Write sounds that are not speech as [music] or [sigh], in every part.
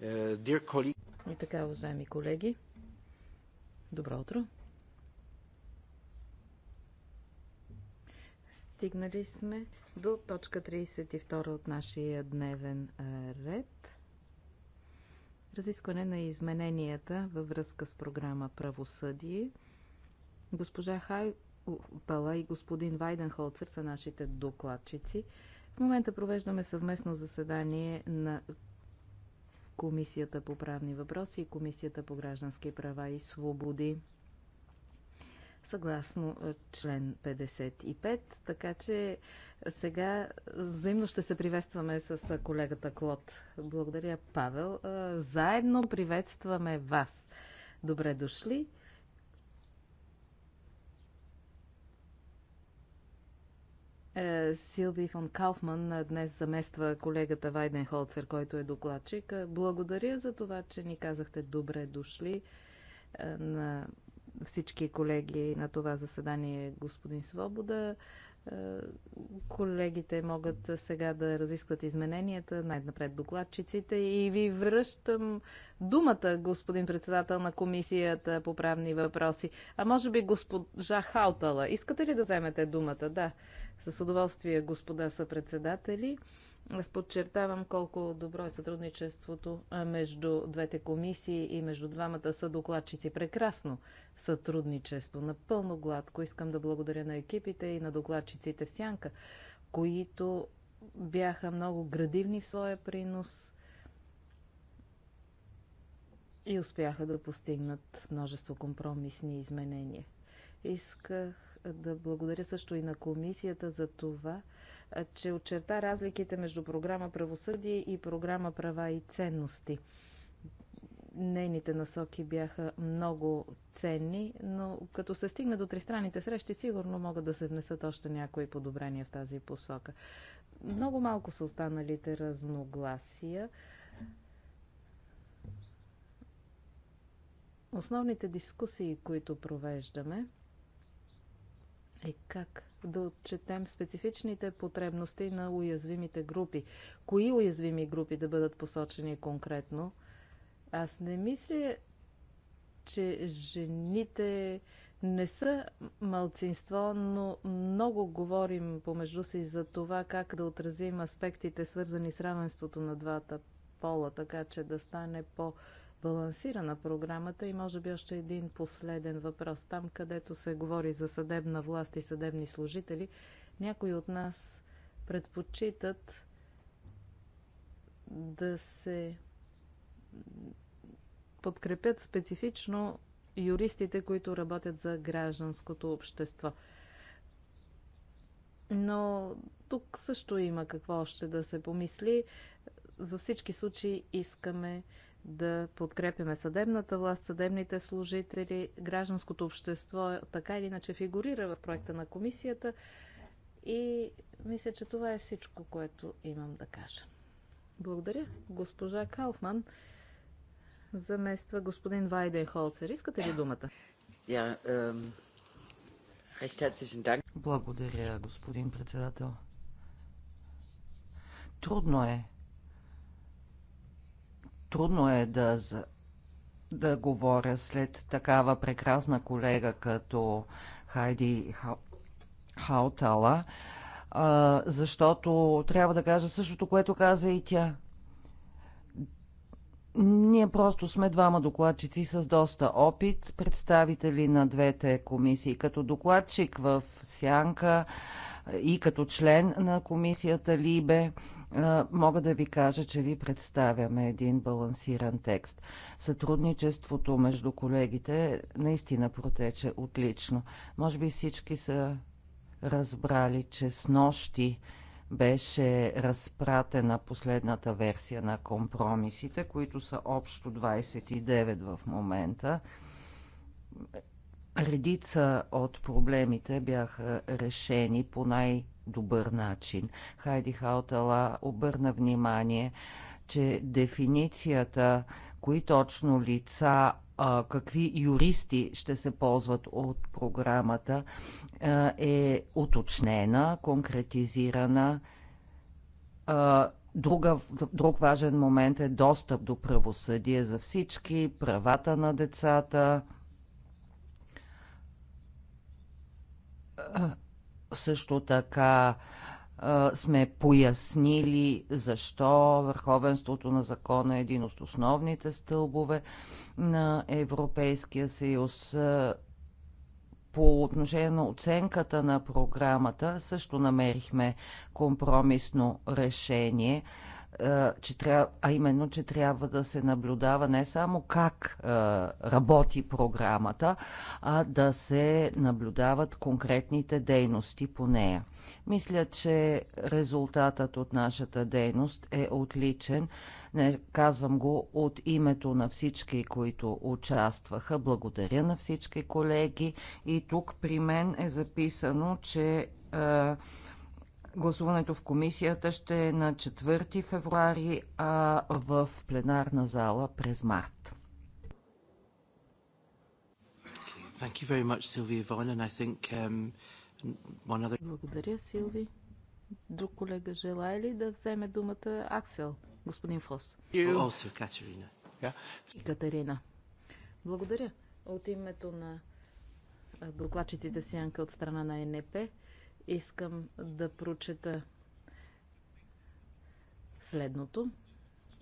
И така, уважаеми колеги, добро утро. Стигнали сме до точка 32 от нашия дневен ред. Разискване на измененията във връзка с програма Правосъдие. Госпожа Хай Пала и господин Вайденхолцер са нашите докладчици. В момента провеждаме съвместно заседание на Комисията по правни въпроси и Комисията по граждански права и свободи съгласно е, член 55. Така че е, сега взаимно ще се приветстваме с е, колегата Клод. Благодаря, Павел. Заедно приветстваме вас. Добре дошли. Е, Силви фон Кауфман днес замества колегата Вайден Холцер, който е докладчик. Благодаря за това, че ни казахте добре дошли е, на всички колеги на това заседание, господин Свобода. Е, колегите могат сега да разискват измененията, най-напред докладчиците и ви връщам думата, господин председател на комисията по правни въпроси. А може би госпожа Хаутала, искате ли да вземете думата? Да, с удоволствие, господа са председатели. Аз подчертавам колко добро е сътрудничеството между двете комисии и между двамата са докладчици. Прекрасно сътрудничество, напълно гладко. Искам да благодаря на екипите и на докладчиците в Сянка, които бяха много градивни в своя принос и успяха да постигнат множество компромисни изменения. Исках да благодаря също и на комисията за това, че очерта разликите между програма Правосъдие и програма Права и ценности. Нейните насоки бяха много ценни, но като се стигне до тристранните срещи, сигурно могат да се внесат още някои подобрения в тази посока. Много малко са останалите разногласия. Основните дискусии, които провеждаме, е как да отчетем специфичните потребности на уязвимите групи. Кои уязвими групи да бъдат посочени конкретно? Аз не мисля, че жените не са малцинство, но много говорим помежду си за това как да отразим аспектите, свързани с равенството на двата пола, така че да стане по- балансирана програмата и може би още един последен въпрос. Там, където се говори за съдебна власт и съдебни служители, някои от нас предпочитат да се подкрепят специфично юристите, които работят за гражданското общество. Но тук също има какво още да се помисли. Във всички случаи искаме да подкрепяме съдебната власт, съдебните служители, гражданското общество, така или иначе фигурира в проекта на комисията. И мисля, че това е всичко, което имам да кажа. Благодаря. Госпожа Кауфман замества господин Вайден Холцер, Искате ли думата? Ehm, Благодаря, господин председател. Трудно е Трудно е да, да говоря след такава прекрасна колега като Хайди Хаутала, защото трябва да кажа същото, което каза и тя. Ние просто сме двама докладчици с доста опит, представители на двете комисии. Като докладчик в Сянка и като член на комисията Либе, е, мога да ви кажа, че ви представяме един балансиран текст. Сътрудничеството между колегите наистина протече отлично. Може би всички са разбрали, че с нощи беше разпратена последната версия на компромисите, които са общо 29 в момента. Редица от проблемите бяха решени по най- добър начин. Хайди Хаутала обърна внимание, че дефиницията кои точно лица, какви юристи ще се ползват от програмата е уточнена, конкретизирана. Друга, друг важен момент е достъп до правосъдие за всички, правата на децата. Също така сме пояснили защо върховенството на закона е един от основните стълбове на Европейския съюз. По отношение на оценката на програмата също намерихме компромисно решение. Е, че трябва, а именно, че трябва да се наблюдава не само как е, работи програмата, а да се наблюдават конкретните дейности по нея. Мисля, че резултатът от нашата дейност е отличен. Не казвам го от името на всички, които участваха. Благодаря на всички колеги. И тук при мен е записано, че а, е, Гласуването в комисията ще е на 4 февруари, а в пленарна зала през март. Much, think, um, other... Благодаря, Силви. Друг колега желая ли да вземе думата Аксел, господин Фос? Oh, also, Катерина. Yeah. Катерина. Благодаря. От името на докладчиците Сянка от страна на НП искам да прочета следното.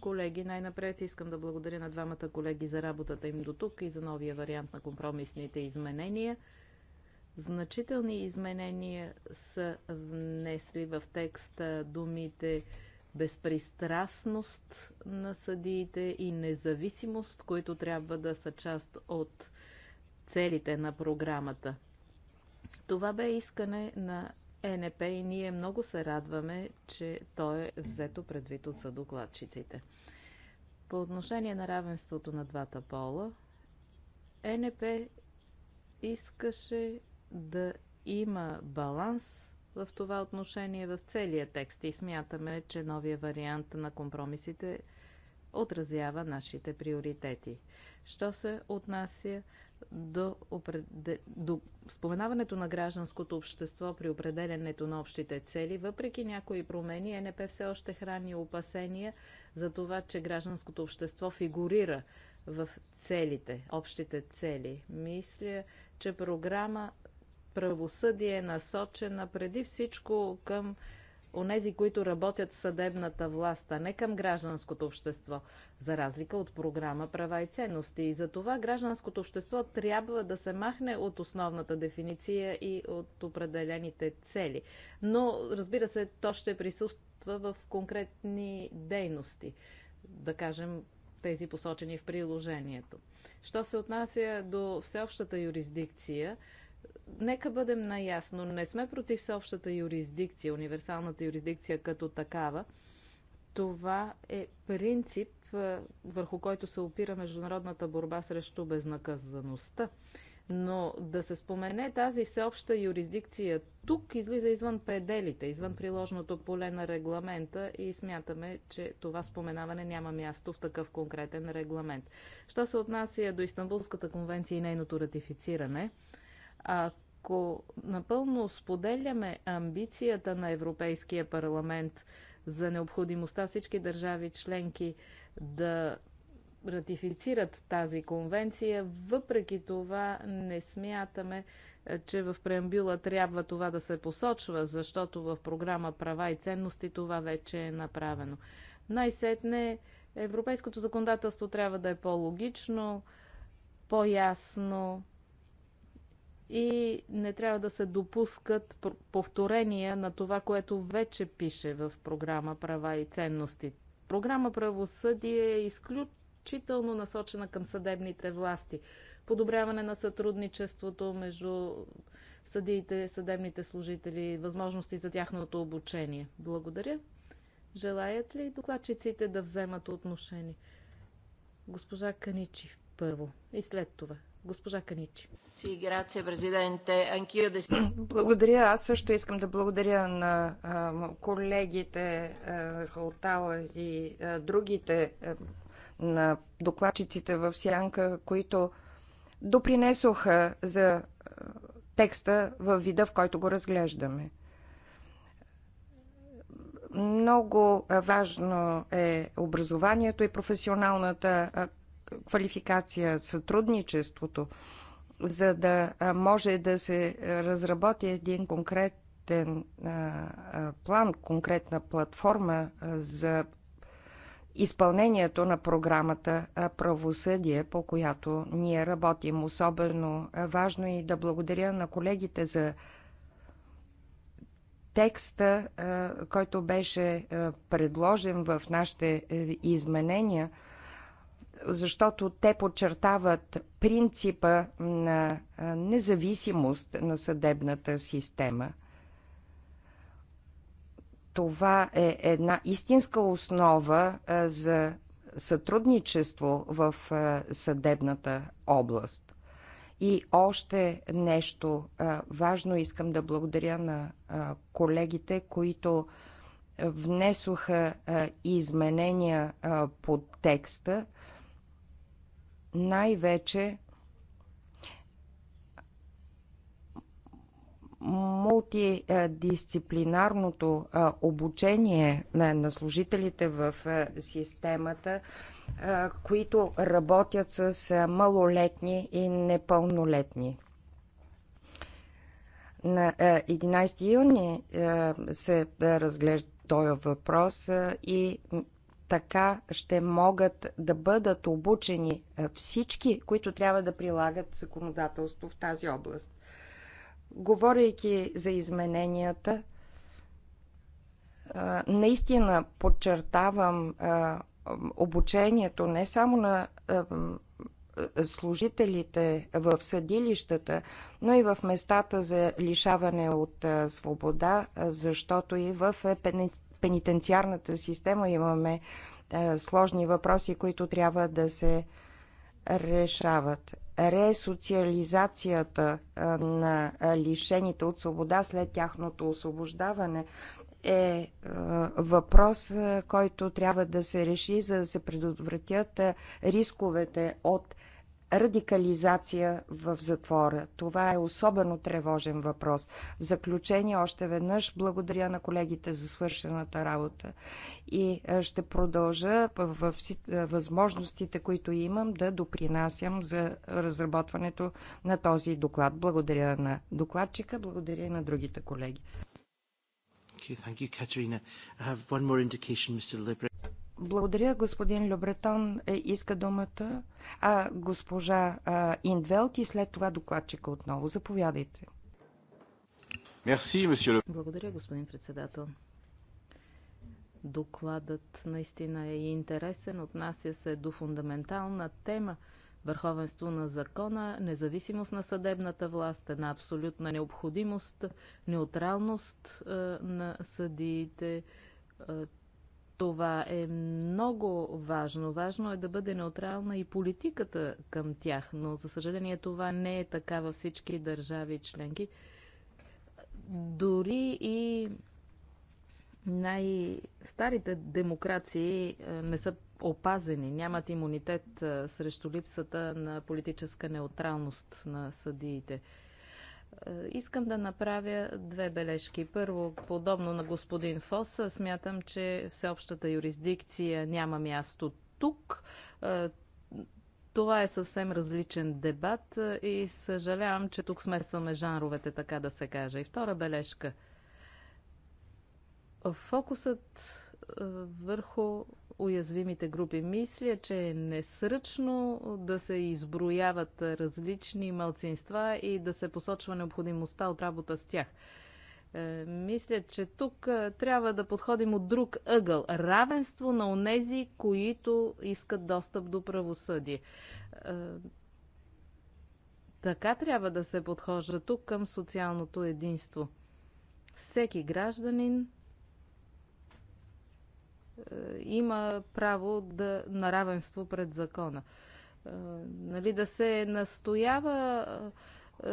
Колеги, най-напред искам да благодаря на двамата колеги за работата им до тук и за новия вариант на компромисните изменения. Значителни изменения са внесли в текста думите безпристрастност на съдиите и независимост, които трябва да са част от целите на програмата. Това бе искане на ЕНП и ние много се радваме, че то е взето предвид от съдокладчиците. По отношение на равенството на двата пола, ЕНП искаше да има баланс в това отношение в целия текст и смятаме, че новия вариант на компромисите отразява нашите приоритети. Що се отнася до, до споменаването на гражданското общество при определенето на общите цели, въпреки някои промени, НП все още храни опасения за това, че гражданското общество фигурира в целите, общите цели. Мисля, че програма правосъдие е насочена преди всичко към онези, които работят в съдебната власт, а не към гражданското общество, за разлика от програма права и ценности. И за това гражданското общество трябва да се махне от основната дефиниция и от определените цели. Но, разбира се, то ще присъства в конкретни дейности, да кажем тези посочени в приложението. Що се отнася до всеобщата юрисдикция, Нека бъдем наясно. Не сме против всеобщата юрисдикция, универсалната юрисдикция като такава. Това е принцип, е, върху който се опира международната борба срещу безнаказаността. Но да се спомене тази всеобща юрисдикция тук излиза извън пределите, извън приложното поле на регламента и смятаме, че това споменаване няма място в такъв конкретен регламент. Що се отнася до Истанбулската конвенция и нейното ратифициране, ако напълно споделяме амбицията на Европейския парламент за необходимостта всички държави членки да ратифицират тази конвенция. Въпреки това не смятаме, е, че в преамбюла трябва това да се посочва, защото в програма Права и ценности това вече е направено. Най-сетне европейското законодателство трябва да е по-логично, по-ясно, и не трябва да се допускат повторения на това, което вече пише в програма Права и ценности. Програма Правосъдие е изключително насочена към съдебните власти. Подобряване на сътрудничеството между съдиите, съдебните служители, възможности за тяхното обучение. Благодаря. Желаят ли докладчиците да вземат отношение? Госпожа Каничи първо и след това Госпожа Каничи. Благодаря. Аз също искам да благодаря на колегите Халтала и другите на докладчиците в Сянка, които допринесоха за текста в вида, в който го разглеждаме. Много важно е образованието и професионалната квалификация, сътрудничеството, за да може да се разработи един конкретен план, конкретна платформа за изпълнението на програмата Правосъдие, по която ние работим. Особено важно е и да благодаря на колегите за текста, който беше предложен в нашите е, изменения – защото те подчертават принципа на независимост на съдебната система. Това е една истинска основа за сътрудничество в съдебната област. И още нещо важно искам да благодаря на колегите, които внесоха изменения по текста, най-вече мултидисциплинарното обучение на служителите в системата, които работят с малолетни и непълнолетни. На 11 юни се разглежда този въпрос и така ще могат да бъдат обучени е, всички, които трябва да прилагат законодателство в тази област. Говорейки за измененията, е, наистина подчертавам е, обучението не само на служителите в съдилищата, но и в местата за лишаване от свобода, защото и в пенитенциарната система имаме е, сложни въпроси, които трябва да се решават. Ресоциализацията е, на лишените от свобода след тяхното освобождаване е, е въпрос, който трябва да се реши, за да се предотвратят рисковете от радикализация в затвора. Това е особено тревожен въпрос. В заключение още веднъж благодаря на колегите за свършената работа и ще продължа в възможностите, които имам, да допринасям за разработването на този доклад. Благодаря на докладчика, благодаря и на другите колеги. Okay, thank you, Katerina. I have one more indication, Mr. Благодаря, господин Любретон. Е, иска думата а, госпожа а, Индвелт и след това докладчика отново. Заповядайте. Мерси, месье. Благодаря, господин председател. Докладът наистина е интересен, отнася се до фундаментална тема върховенство на закона, независимост на съдебната власт, една абсолютна необходимост, неутралност е, на съдиите, е, това е много важно. Важно е да бъде неутрална и политиката към тях, но за съжаление това не е така във всички държави членки. Дори и най-старите демокрации е, не са опазени, нямат имунитет е, срещу липсата на политическа неутралност на съдиите. Е, искам да направя две бележки. Първо, подобно на господин Фос, е, смятам, че всеобщата юрисдикция няма място тук. Е, това е съвсем различен дебат и съжалявам, че тук смесваме жанровете, така да се каже. И втора бележка. Фокусът върху уязвимите групи. Мисля, че е несръчно да се изброяват различни малцинства и да се посочва необходимостта от работа с тях. Е, мисля, че тук е, трябва да подходим от друг ъгъл. Равенство на онези, които искат достъп до правосъдие. Е, така трябва да се подхожда тук към социалното единство. Всеки гражданин е, има право да, на равенство пред закона. Е, нали, да се настоява е,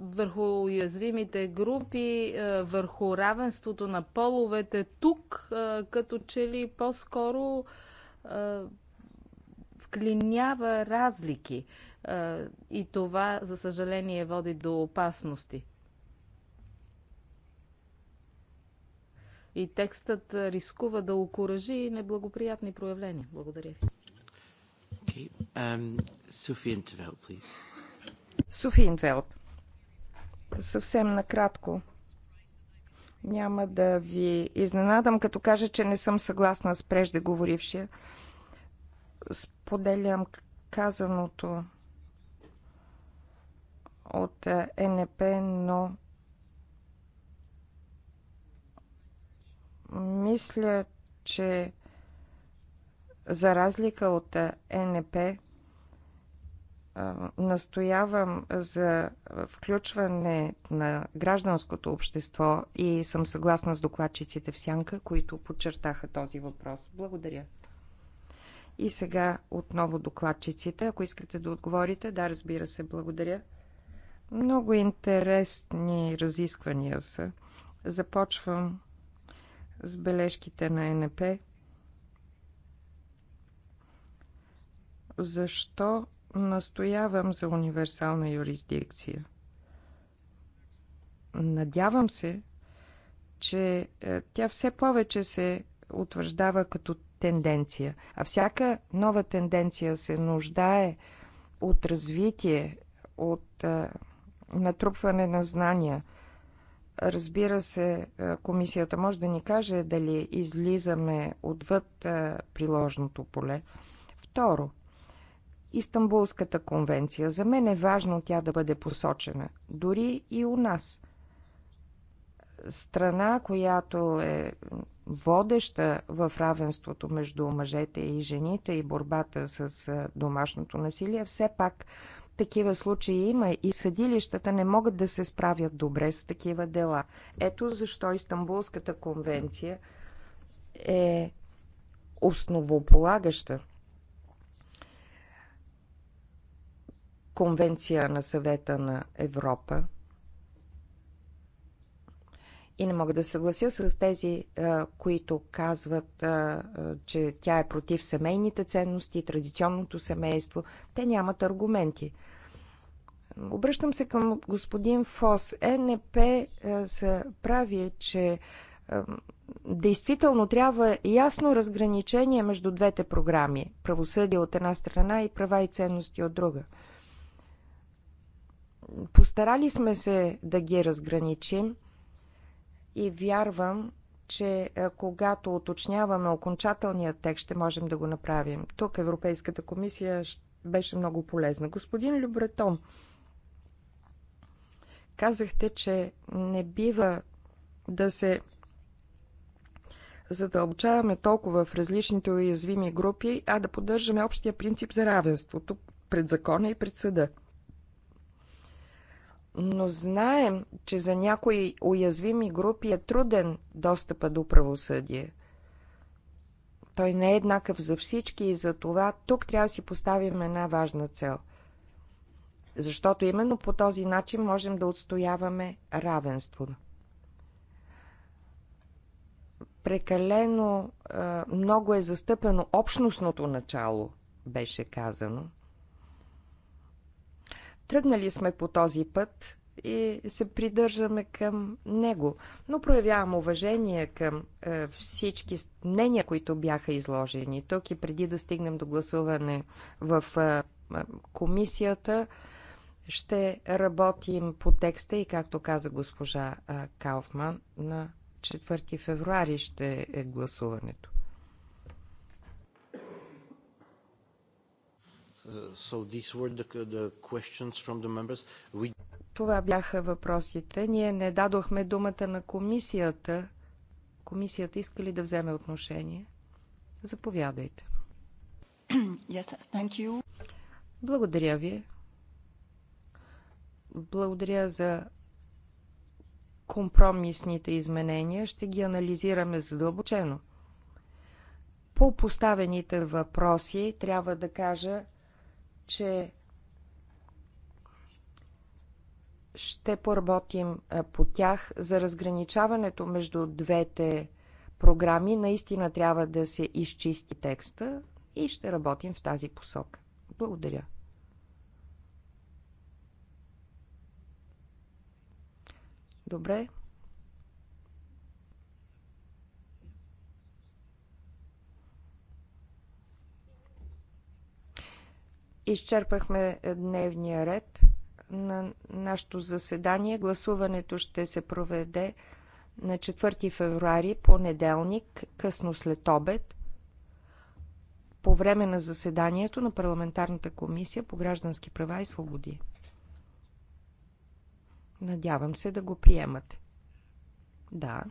върху уязвимите групи, върху равенството на половете тук, като че ли по-скоро вклинява разлики. И това, за съжаление, води до опасности. и текстът рискува да окоръжи неблагоприятни проявления. Благодаря ви. Okay. Um, Софи Интвелп, Съвсем накратко. Няма да ви изненадам, като кажа, че не съм съгласна с преждеговорившия. Споделям казаното от НП, но Мисля, че за разлика от НП, настоявам за включване на гражданското общество и съм съгласна с докладчиците в Сянка, които подчертаха този въпрос. Благодаря. И сега отново докладчиците, ако искате да отговорите. Да, разбира се, благодаря. Много интересни разисквания са. Започвам с бележките на НП. Защо настоявам за универсална юрисдикция? Надявам се, че е, тя все повече се утвърждава като тенденция. А всяка нова тенденция се нуждае от развитие, от е, натрупване на знания – Разбира се, е, комисията може да ни каже дали излизаме отвъд е, приложното поле. Второ, Истанбулската конвенция. За мен е важно тя да бъде посочена. Дори и у нас. Страна, която е водеща в равенството между мъжете и жените и борбата с е, домашното насилие, все пак такива случаи има и съдилищата не могат да се справят добре с такива дела. Ето защо Истанбулската конвенция е основополагаща конвенция на съвета на Европа – и не мога да съглася с тези, които казват, че тя е против семейните ценности, традиционното семейство. Те нямат аргументи. Обръщам се към господин Фос. Е НП се прави, че действително трябва ясно разграничение между двете програми. Правосъдие от една страна и права и ценности от друга. Постарали сме се да ги разграничим – и вярвам, че когато уточняваме окончателния текст, ще можем да го направим. Тук Европейската комисия беше много полезна. Господин Любретон, казахте, че не бива да се задълбочаваме толкова в различните уязвими групи, а да поддържаме общия принцип за равенството пред закона и пред съда но знаем, че за някои уязвими групи е труден достъпа до правосъдие. Той не е еднакъв за всички и за това тук трябва да си поставим една важна цел. Защото именно по този начин можем да отстояваме равенство. Прекалено много е застъпено общностното начало, беше казано – Тръгнали сме по този път и се придържаме към него, но проявявам уважение към е, всички мнения, които бяха изложени тук и преди да стигнем до гласуване в е, е комисията. Ще работим по текста и, както каза госпожа е, Кауфман, на 4 февруари ще е гласуването. Uh, so these were the, the questions from the members. We... Това бяха въпросите. Ние не дадохме думата на комисията. Комисията иска ли да вземе отношение? Заповядайте. [clears throat] Yes, thank you. Благодаря ви. Благодаря за компромисните изменения. Ще ги анализираме задълбочено. По поставените въпроси трябва да кажа, че ще поработим е, по тях за разграничаването между двете програми. Наистина трябва да се изчисти текста и ще работим в тази посока. Благодаря. Добре. Изчерпахме дневния ред на нашето заседание. Гласуването ще се проведе на 4 февруари, понеделник, късно след обед, по време на заседанието на Парламентарната комисия по граждански права и свободи. Надявам се да го приемате. Да.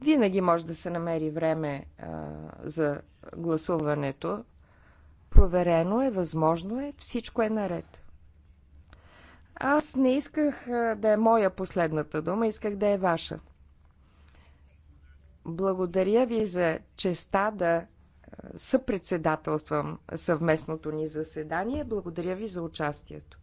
Винаги може да се намери време а, за гласуването. Проверено е, възможно е, всичко е наред. Аз не исках да е моя последната дума, исках да е ваша. Благодаря ви за честа да съпредседателствам съвместното ни заседание. Благодаря ви за участието.